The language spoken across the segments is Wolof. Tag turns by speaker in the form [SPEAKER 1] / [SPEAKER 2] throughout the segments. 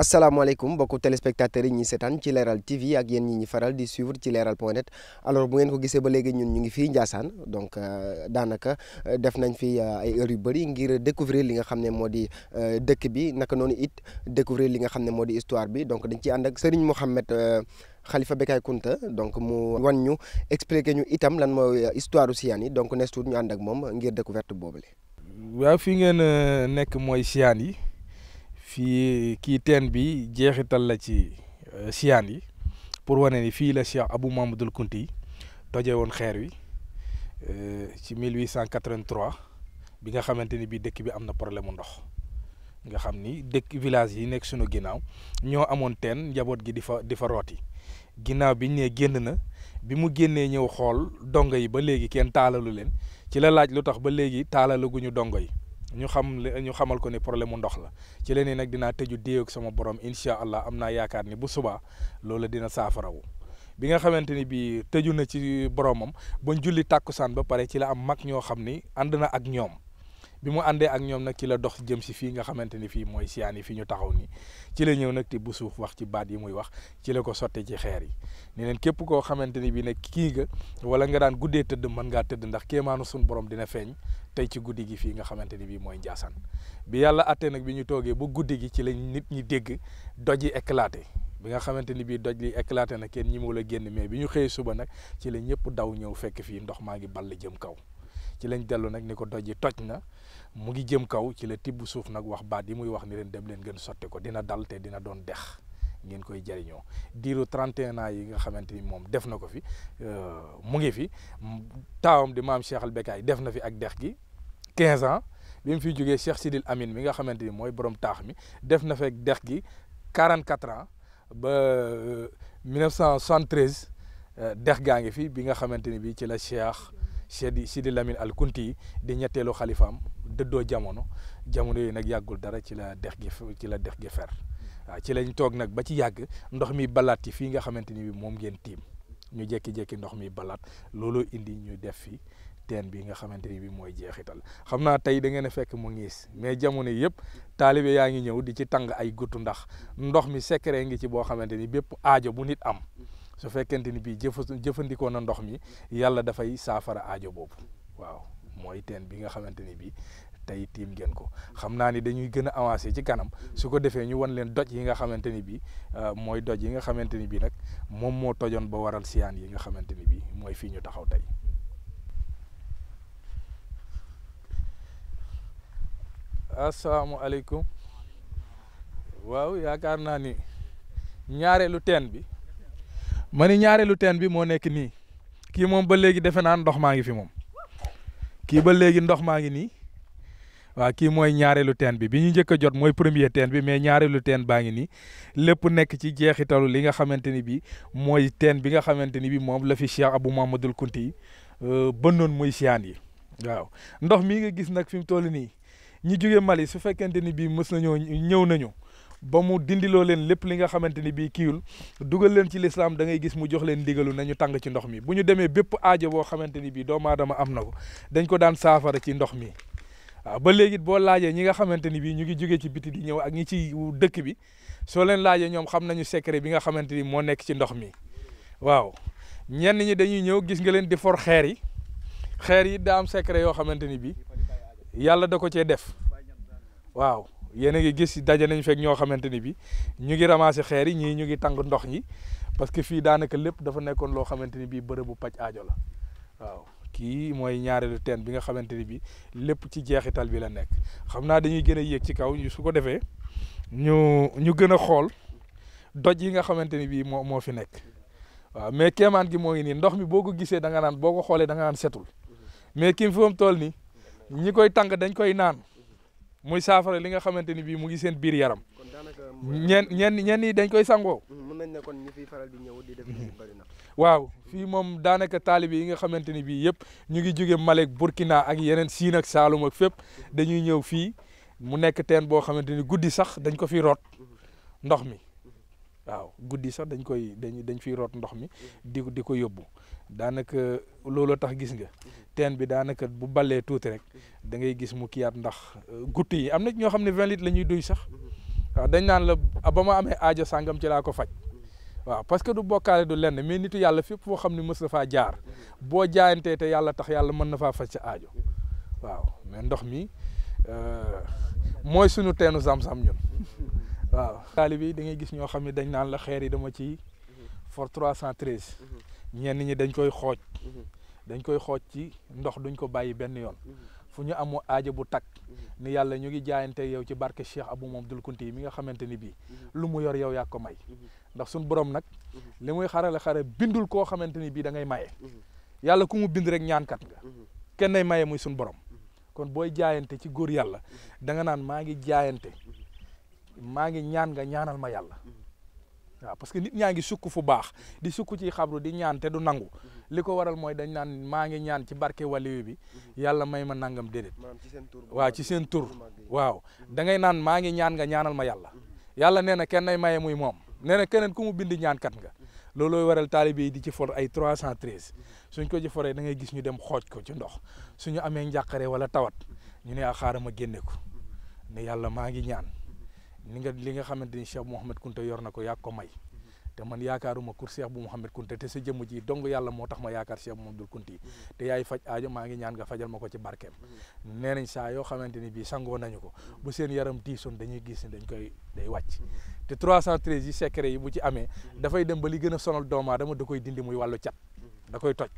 [SPEAKER 1] asalaamaaleykum mbokku téléspectateurs yi ñuy seetaan ci leeral TV ak yéen ñi ñi faral di suivre ci leeral point alors bu ngeen ko gisee ba léegi ñun ñu ngi fii Ndiassane donc euh, daanaka euh, def nañ fi euh, ay heures yu bëri ngir découvrir li nga xam ne moo di dëkk bi naka noonu it découvrir li nga xam ne moo di histoire bi donc dañ ci ànd ak Serigne Mohamed. Khalifa Bekay Kunta donc mu wan ñu expliqué ñu itam lan mooy histoire Siyaan yi donc nees tuut ñu ànd ak moom ngir découverte boobu
[SPEAKER 2] la. fii ngeen nekk mooy Siyaan yi. fii kii teen bi jeexital la ci euh, siyaan yi pour wane ni fii la Cheikh Abou Mamadou Kounti yi toje woon xeer wi euh, ci 1883 bi nga xamante ni bii dëkk bi am na problème mu ndox nga xam ni dëkk village yi nekk sunu ginnaaw ñoo amoon teen njaboot gi di fa di fa rooti ginnaaw biñ ne génn na bi mu génnee ñëw xool dongo yi ba léegi kenn taalalu leen ci la laaj lu tax ba léegi taalalaguñu dongo yi ñu xam ñu xamal ko ni problème mu ndox la ci leen nag dinaa tëju déeg sama borom incha allah am naa yaakaar ni bu subaa loola dina saafarawu bi nga xamante ni bii tëju na ci boromam bañ julli tàkkusaan ba pare ci la am mag ñoo xam ni ànd na ak ñoom bi mu àndee ak ñoom nag ci la dox jëm si fii nga xamante ni fii mooy siyaan yi fi ñu taxaw nii ci la ñëw nag ti bu suuf wax ci baat yi muy wax ci la ko sotte ci xeer yi ne leen képp koo xamante ni bii nag kii nga wala nga daan guddee tëdd man ngaa tëdd ndax kéemaanu suñu borom dina feeñ tey ci guddi gi fii nga xamante ni bii mooy Njaasaan bi yàlla attee nag bi ñu toogee ba guddi gi ci lañ nit ñi dégg doj yi éclaté bi nga xamante ni bii doj li éclaté na kenn ñi mu la génn mais bi ñu xëyee suba nag ci la ñëpp daw ñëw fekk fii ndox maa ngi ball jëm kaw ci lañ dellu nag ni ko doj yi toj na mu ngi jëm kaw ci la tibb suuf nag wax baat yi muy wax ni leen dem leen gën sotti ko dina dal te dina doon dex ngeen koy jariñoo diiru 31 ans yi nga xamante ni moom def na ko fi euh, mu ngi fi taawam di maam Cheikh al yi def na fi ak dex gi 15 ans bi mu fi jógee Cheikh di Amin mi nga xamante ni mooy borom taax mi def na fekk dex gi 44 ans ba 1973 euh, euh, dex gaa ngi fi bi nga xamante ni bii ci la Cheikh. Seydi Sidi lamin Al Kunti di ñetteelu xalifaam dëddoo jamono jamono yooyu nag yàggul dara ci la dex gi ci la dex gi fer waaw ci lañ toog nag ba ci yàgg ndox mi balaat yi fii nga xamante ni bi moom ngeen tiim ñu jekki-jekki ndox mi balaat looloo indi ñu def fi teen bi nga xamante ni bi mooy jeexital xam naa tey da ngeen a fekk mu ngiis mais jamono yëpp taalibe yaa ngi ñëw di ci tàng ay guttu ndax ndox mi secret ngi ci boo xamante ni bépp aajo bu nit am su fekkente ni bii jëfandikoo na ndox mi yàlla dafay saafara aajo boobu waaw mooy teen bi nga xamante ni bii tey tiim ngeen ko xam naa ni dañuy gën a avancé ci kanam su ko defee ñu wan leen doj yi nga xamante ni bii euh, mooy doj yi nga xamante ni bii nag moom moo tojoon ba waral siyaan yi nga xamante ni bii mooy fii ñu taxaw tey. asalaamaaleykum waaw yaakaar naa ni ñaareelu teen bi. ma ni ñaareelu teen bi moo nekk nii kii moom ba léegi defe naa ndox maa ngi fi moom kii ba léegi ndox maa ngi nii waaw kii mooy ñaareelu teen bi bi ñu njëkk a jot mooy premier teen bi mais ñaareelu teen baa ngi nii lépp nekk ci jeexitalu li nga xamante ni bi mooy teen bi nga xamante ni bi moom la fi Cheikh Abou Mamadou Kounti yi euh, bënnoon muy siyaan yi waaw ndox mi nga gis nag fi mu toll nii ñi jóge Mali su fekkente ni bii mës nañoo ñëw nañu ba mu dindiloo leen lépp li nga xamante ni bii kiiwul dugal leen ci lislaam da ngay gis mu jox leen digalu nañu tàng ci ndox mi bu ñu demee bépp aajo boo xamante ni bii doomu aadama am na ko dañ ko daan saafara ci ndox mi waaw ba léegi boo laajee ñi nga xamante ni bii ñu ngi jógee ci biti di ñëw ak ñi ci dëkk bi soo leen laajee ñoom xam nañu secret bi nga xamante ni moo nekk ci ndox mi waaw ñenn ñi dañuy ñëw gis nga leen di for xeer yi xeer yi daa am secret yoo xamante ni bii da ko cee def waaw yéen a ngi gis daje nañ fekk ñoo xamante ni bi ñu ngi ramasser xeer yi ñii ñu ngi tàng ndox ñi parce que fii daanaka lépp dafa nekkoon loo xamante ni bii bërëbu paj aajo la waaw kii mooy ñaareelu teen bi nga xamante ni bi lépp ci jeexital bi la nekk xam naa dañuy gën a yéeg ci kaw su ko defee ñu ñu gën a xool doj yi nga xamante ni bii moo moo fi nekk waaw mais keemaan gi moo ngi nii ndox mi boo ko gisee da nga naan boo ko xoolee danga nga naan setul mais ki mu fi tool nii ñi koy tàng dañ koy naan. muy saafara li nga xamante ni bii mu ngi seen biir yaram. kon daanaka ñenn ñenn ñenn ñi dañ koy sangoo.
[SPEAKER 1] mën mm-hmm. nañ ne kon ñi faral di ñëw di def bari na.
[SPEAKER 2] waaw fii moom daanaka taalibe yi nga xamante ni bii yëpp ñu ngi jóge Malek Burkina ak yeneen Siin ak Saalum fépp mm-hmm. dañuy ñëw fii mu nekk teen boo xamante ni guddi sax dañ ko fi root mm-hmm. ndox mi. waaw guddi sax dañ koy dañ dañ fiy root ndox mi mm-hmm. di di ko yóbbu daanaka looloo tax gis nga mm-hmm. teen bi daanaka bu balee tuuti rek mm-hmm. da ngay gis mu kiyaat ndax euh, guddi yi am na ñoo xam ne vingt litres la ñuy duy sax waaw dañ naan la ah, ba ma amee aajo sàngam ci laa ko faj waaw parce que du bokkaale du lenn mais nitu yàlla fépp foo xam ni mësa faa jaar boo jaayantee te yàlla tax yàlla mën na faa faj sa aajo waaw mais ndox mi euh, mooy sunu teenu zam-zam ñun waaw taali bi da ngay gis ñoo xam ne dañ naan la xeer yi dama ci mhm. for 313 mhm. ñenn ñi dañ koy xooj mhm. dañ koy xooj ci ndox duñ ko bàyyi benn yoon fu ñu amoo aaja bu takk ni yàlla ñu ngi jaayante yow ci barke Cheikh Abou Mamadou Kounta yi mi nga xamante ni bii lu mu yor yow yaa ko may ndax suñ borom nag li muy xarale xare bindul koo xamante ni bii da ngay maye yàlla ku mu bind rek ñaankat nga kenn nay maye muy suñ borom kon booy jaayante ci góor yàlla da nga naan maa ngi jaayante maa ngi ñaan nga ñaanal ma yàlla waaw parce que nit ñaa ngi sukk fu baax di sukk ci xabru di ñaan te du nangu li ko waral mooy dañ naan maa ngi ñaan ci barke waliyu bi yàlla may ma nangam déedéet waaw ci seen tur waaw da ngay naan maa ngi ñaan nga ñaanal ma yàlla yàlla nee na kenn ay maye muy moom nee na keneen ku mu bind ñaankat nga loolooy waral taalibe yi di ci for ay 313 suñ ko ci foree da ngay gis ñu dem xooj ko ci ndox su ñu amee njàqare wala tawat ñu ne a ah, xaaral ma génne ko ne yàlla maa ngi ñaan li nga li nga xamante ni Cheikh Mouhamed Kounta yor na ko yaa ko may mhm. te man yaakaaruma kur Cheikh bu Mouhamed Kounta te sa jëmm ji dong yàlla moo tax ma yaakaar Cheikh Mouhamed Kounta yi mhm. te yaay faj aajo maa ngi ñaan nga fajal ma ko ci barkeem mhm. nee nañ saa yoo xamante ni bii sangoo nañu ko bu seen yaram tiisoon dañuy gis ni dañ koy day wàcc te 313 yi secret yi bu ci amee dafay dem ba li gën a sonal doomu aadama da koy dindi muy wàllu cat da koy toj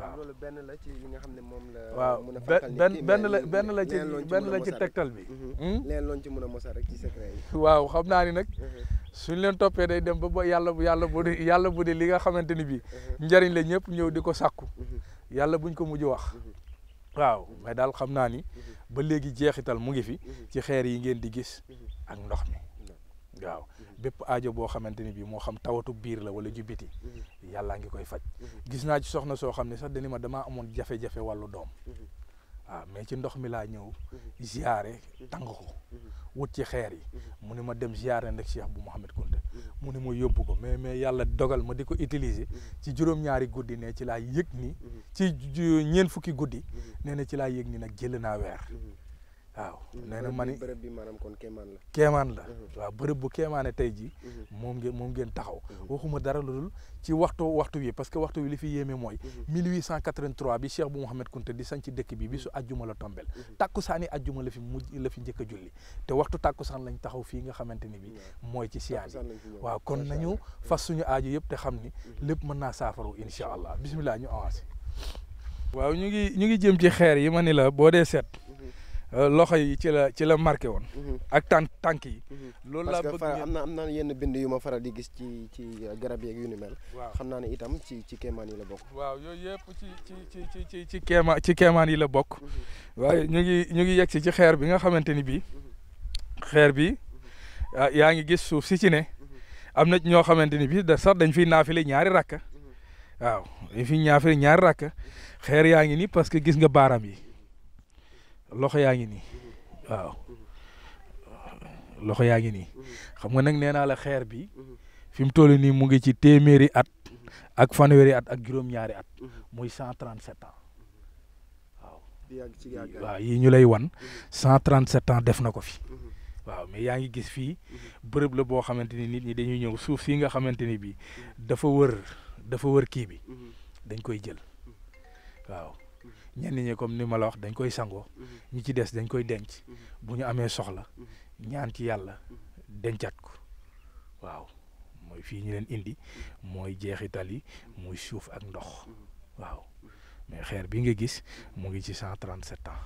[SPEAKER 1] waaw loolu benn la ci li nga xam ne moom la. waaw benn benn la benn la ci benn la ci tegtal bi. Mhm. Hmm? leen loon ci mën a mosal rek ci secret
[SPEAKER 2] waaw xam naa ni nag mhm. suñ leen toppee day dem ba ba yàlla yàlla bu di mhm. yàlla bu dee li nga xamante ni bii njëriñ la ñëpp ñëw di ko sàkku yàlla buñ ko mujj wax. waaw mais daal xam naa ni ba léegi jeexital mu ngi fi ci xeer yi ngeen di gis ak ndox mi waaw bépp aajo boo xamante ni bii moo xam tawatu biir la wala ju biti yàllaa ngi koy faj. Mhm. gis naa ci soxna soo xam ne sax dani ma damaa amoon jafe-jafe wàllu doom. waaw mhm. ah, mais ci ndox mi laa ñëw. Mhm. ziare tàng ko. wut ci xeer yi. mu ne ma dem ziare nag Cheikh bu Mouhamed Kounta. mu ne ma yóbbu ko mais mais yàlla dogal ma di ko utiliser. ci juróom-ñaari guddi ne ci laa yëg ni. ci ñeent fukki guddi. nee na ci laa yëg ni nag jël naa weer.
[SPEAKER 1] waaw mm-hmm. nee na ma ni bërëb bi maanaam kon kéemaan la kéemaan mm-hmm. waaw bërëb bu
[SPEAKER 2] kéemaane tey jii mm-hmm. moom ngeen moom ngeen taxaw waxuma dara lu dul ci waxtu waxtu wi parce que waxtu wi li fi yéeme mooy 1883 bi Cheikh bu Mouhamed Kounta di sanc dëkk bi bisu ajjuma la tombel tàkkusaani ajjuma la fi mujj la fi njëkk a julli te waxtu tàkkusaan lañ taxaw fii nga xamante ni bi mooy ci siyaar yi waaw kon nañu fas suñu aaju yëpp te xam ni lépp mën naa saafaru incha allah bisimilah ñu avancé waaw ñu ngi ñu ngi jëm ci xeer yi ma ni la boo dee seet Euh, loxo yi ci la ci la marqué woon. Mhm. ak tànk tànk yi.
[SPEAKER 1] Mhm. loolu laa bëgg am na am na yenn bind yu ma faral di gis ci ci garab yeeg yu ni mel. waaw xam naa ni itam ci ci keemaan yi la bokk. waaw yooyu yëpp ci ci ci ci ci
[SPEAKER 2] keemaan ci keemaan yi la bokk. Mhm. waaye ñu ngi ñu ngi yegg si ci xeer bi nga xamante ni bii. xeer bi ah, yaa ngi gis suuf si ci ne. am na ñoo xamante ni bii da sax dañ fi naafile ñaari rakk. waaw dañ fiy ñaafile ñaari rakk xeer yaa ngi nii parce que gis nga baaraam yi. loxo yaa ngi nii waaw loxo yaa ngi nii xam nga nag nee naa la xeer bi fi mu toll nii mu ngi ci téeméeri at ak fanweeri at ak juróom-ñaari at muy cent trente sept waaw waaw ñu lay wan cent trente sept def na ko fi waaw mais yaa ngi gis fii bërëb la boo xamante ni nit ñi dañuy ñëw suuf si nga xamante ni bii dafa wër dafa wër kii bi uhuh. dañ koy jël waaw ñenn ñi comme ni ma la wax dañ koy sangoo mhm. ñi ci des dañ koy denc mhm. bu ñu amee soxla mhm. ñaan ci yàlla dencat ko waaw mooy fii ñu leen indi mooy jeexital yi muy suuf ak ndox waaw mais xeer bi nga gis mu ngi ci cent trente sept ans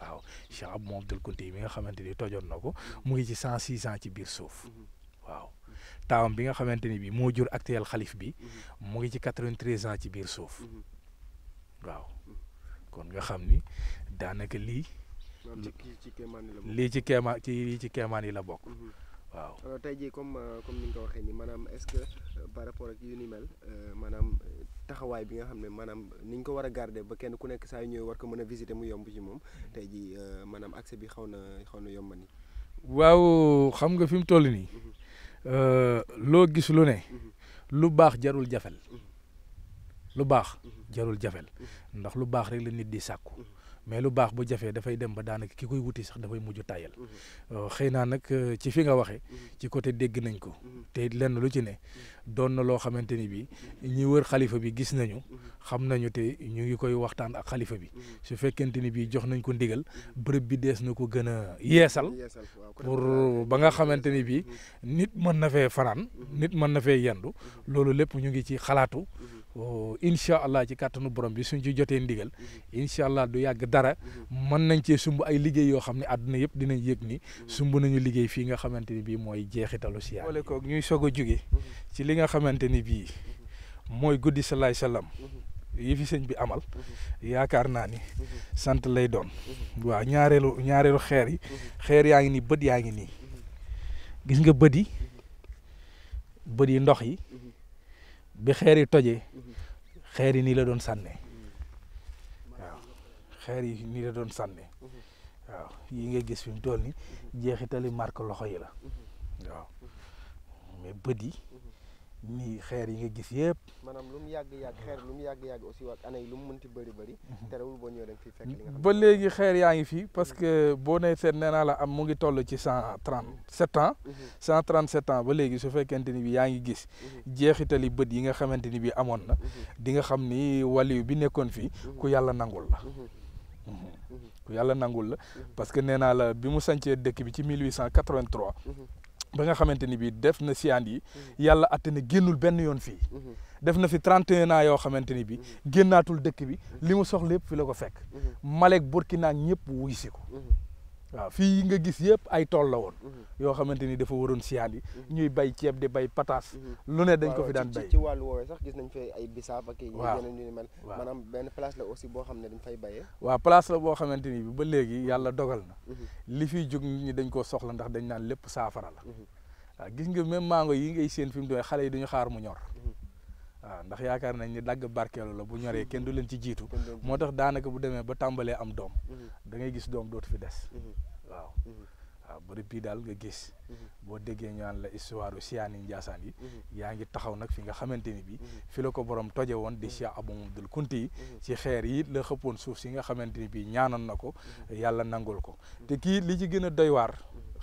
[SPEAKER 2] waaw Cheikh Abou Mouhamadoul Kounti nga xamante ni tojoon na ko mu ngi ci cent six ans ci biir suuf waaw taawam bi nga xamante ni bi moo jur actuel xalif bi mu ngi ci quatre vingt treize ans ci biir suuf waaw kon nga xam ni daanaka lii. lii ci keemaan ci lii ci keemaan yi la bokk. Mhm.
[SPEAKER 1] waaw tey jii comme euh, comme ni nga ko waxee nii maanaam est que euh, par rapport ak yu ni mel euh, maanaam taxawaay bi nga xam ne maanaam ni ñu ko war a garder ba kenn ku nekk saa yu war ko mën a visiter mu yomb ci moom mhm. tey jii maanaam accès bi xaw na xaw na yomb nii.
[SPEAKER 2] waaw xam nga fi mu toll nii. Mhm. loo gis lu ne. lu baax jarul jafel lu baax mhm. jarul jafel mhm. ndax lu baax rek la nit di sàkku mhm. mais lu baax bu jafee dafay dem ba daanaka ki koy wuti sax dafay mujj tàyyal euh, xëy naa nag euh, ci fi nga waxee ci côté dégg nañ ko te lenn lu ci ne doon na loo xamante ni bi ñu wër xalifa bi gis nañu xam nañu te ñu ngi koy waxtaan ak xalifa bi su fekkente ni bi jox nañ ko ndigal bërëb bi dees na ko gën a yeesal pour ba nga xamante ni bi nit mën na fee fanaan nit mën na fee yendu loolu lépp ñu ngi ci Oh, incha allah ci kàttanu borom bi suñ ci jotee ndigal mhm. incha allah du yàgg dara mhm. mën nañ cee sumb ay liggéey yoo xam ne àdduna yëpp dinañ yëg ni mhm. sumb nañu liggéey fii nga xamante ni bii mooy jeexitalu siyaar boole ñuy soog a jóge ci li nga xamante ni bii mooy guddi salaay salaam yi bi amal yaakaar naa ni sant lay doon waaw ñaareelu ñaareelu xeer yi xeer yaa ngi nii bët yaa ngi nii gis nga bët yi bët yi ndox yi bi xeer yi tojee xeer yi nii la doon sànnee waaw xeer yi nii la doon sànnee waaw yi nga gis fi mu toll ni jeexitali marque loxo yi la waaw mais bët yi nii xeer yi nga gis yëpp.
[SPEAKER 1] maanaam lu mu yàgg yàgg xeer lu mu yàgg yàgg aussi ak année lu mu mënti bëri bëri. Mhm. terewul boo ñëwee da nga fiy ba
[SPEAKER 2] léegi xeer yaa ngi fi parce mhm. que boo nee seet nee la am mu ngi toll ci cent trente mhm. sept ans. cent trente sept ans ba léegi su fekkente ni bi yaa ngi gis. jeexitali bët yi nga xamante ni bi amoon na. di nga xam ni waliyu bi nekkoon fii. ku yàlla nangul la. ku yàlla nangul la parce que nee naa la bi mu sancee dëkk bi ci mille huit cent quatre-vingt-trois ba nga xamante ni bii def na siyaan yi mhm. yàlla atte ne génnul benn yoon fii mhm. def na fi 31 ans yoo xamante ni bii mhm. génnaatul dëkk bi li mu soxla yëpp fi la ko fekk Malek Burkina ñëpp wuy si ko waaw fii nga gis yëpp ay tool la woon mhm. yoo xamante ni dafa waroon siyaan yi mhm. ñuy bay ceeb di bay pataas mhm. lu ne dañ ko fi daan bay ci
[SPEAKER 1] wàllu woowee sax gis nañ fay ay bisaab ak yeneen yu ni mel maanaam benn place la aussi boo xam ne dañ fay bayee
[SPEAKER 2] waaw place la boo xamante ni bi ba léegi yàlla dogal na li fiy jóg ñi dañ koo soxla ndax dañ naan lépp saafara la waaw gis nga même mango yi ngay seen fi mu doon xale yi duñu xaar mu ñor waaw ndax yaakaar nañ ni dagg barkeelu la bu ñoree kenn du leen ci jiitu moo tax daanaka bu demee ba tàmbalee am doom mhm. da ngay gis doom dootu fi des mhm. waaw mhm. waaw ba depuis daal nga gis boo déggee ñu la histoire u siyaani njaasaan yi yaa ngi taxaw nag fi nga xamante ni bi fi la ko borom toje woon di Cheikh Abou Mamadou Kounti yi ci xeer yi la xëppoon suuf si nga xamante ni bi ñaanoon na ko yàlla nangul ko te kii li ci gën a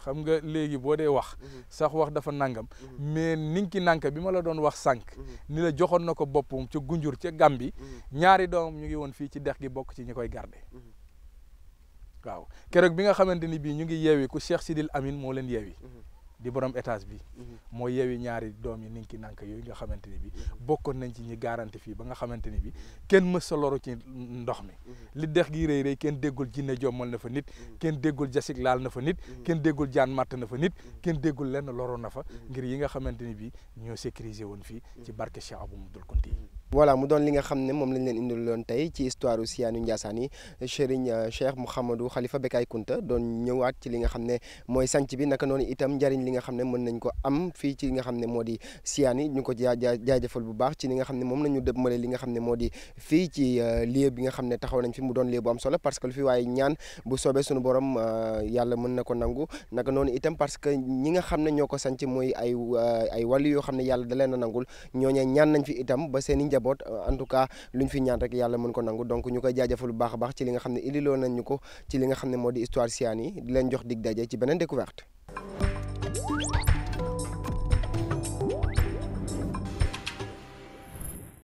[SPEAKER 2] xam nga léegi boo dee wax mhm. sax wax dafa nangam mhm. mais ninki nanka bi ma la doon wax sànq mhm. ni la joxoon na ko boppam ca gunjur ca Gàmbi ñaari doom ñu ngi woon fii ci dex gi bokk ci ñi koy garde waaw keroog bi nga xamante ni bii ñu ngi yeewi ku Cheikh Sidil Amin moo leen yeewi di borom étage bi mhm. moo yewi ñaari doom yi ninki nanka yooyu nga xamante ni bi mhm. bokkoon nañ ci ñi garanti fii ba nga xamante ni bi kenn mës sa loru ci ndox mi mhm. li dex gi rëy rëy kenn déggul jinne jommal na fa nit kenn déggul jasig laal na fa nit kenn déggul jaan matt na fa nit kenn déggul lenn loru na fa ngir yi nga xamante ni bi ñoo sécuriser woon fii ci barke Cheikh mu Mouhamadoul Kounti
[SPEAKER 1] yi voilà mu doon li nga xam ne moom lañ leen indiloon tey ci histoire u Siyaanu Njaasaan yi Serigne euh, Cheikh Mouhamadou Khalifa Bekay Kunta doon ñëwaat ci li nga xam ne mooy sanc bi naka noonu itam njariñ li nga xam ne mën nañ ko am fii ci nga xam ne moo di Siyaan yi ñu ko jaajëfal bu baax ci li nga xam ne moom nañu dëbmale li nga xam ne moo di fii ci euh, lieu bi nga xam ne taxaw fi mu doon lieu bu solo parce que lu fi waaye ñaan bu soobee suñu borom euh, yàlla mën na ko nangu naka noonu itam parce que ñi nga xam ne ñoo ko sanc mooy ay ay wàllu yoo xam ne yàlla da leen a nangul ñooñee ñaan nañ fi itam ba seen njab njaboot en tout cas luñ fi ñaan rek yàlla mën ko nangu donc ñu koy jaajëfal bu baax a baax ci li nga xam ne indiloo nañ ñu ko ci li nga xam ne moo di histoire Siyaane yi di leen jox dig daje ci beneen découverte